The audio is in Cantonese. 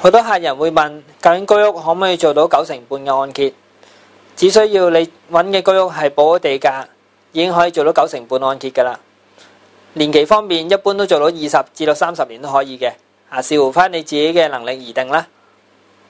好多客人會問：究竟居屋可唔可以做到九成半嘅按揭？只需要你揾嘅居屋係補地價，已經可以做到九成半按揭噶啦。年期方面，一般都做到二十至到三十年都可以嘅，啊，視乎翻你自己嘅能力而定啦。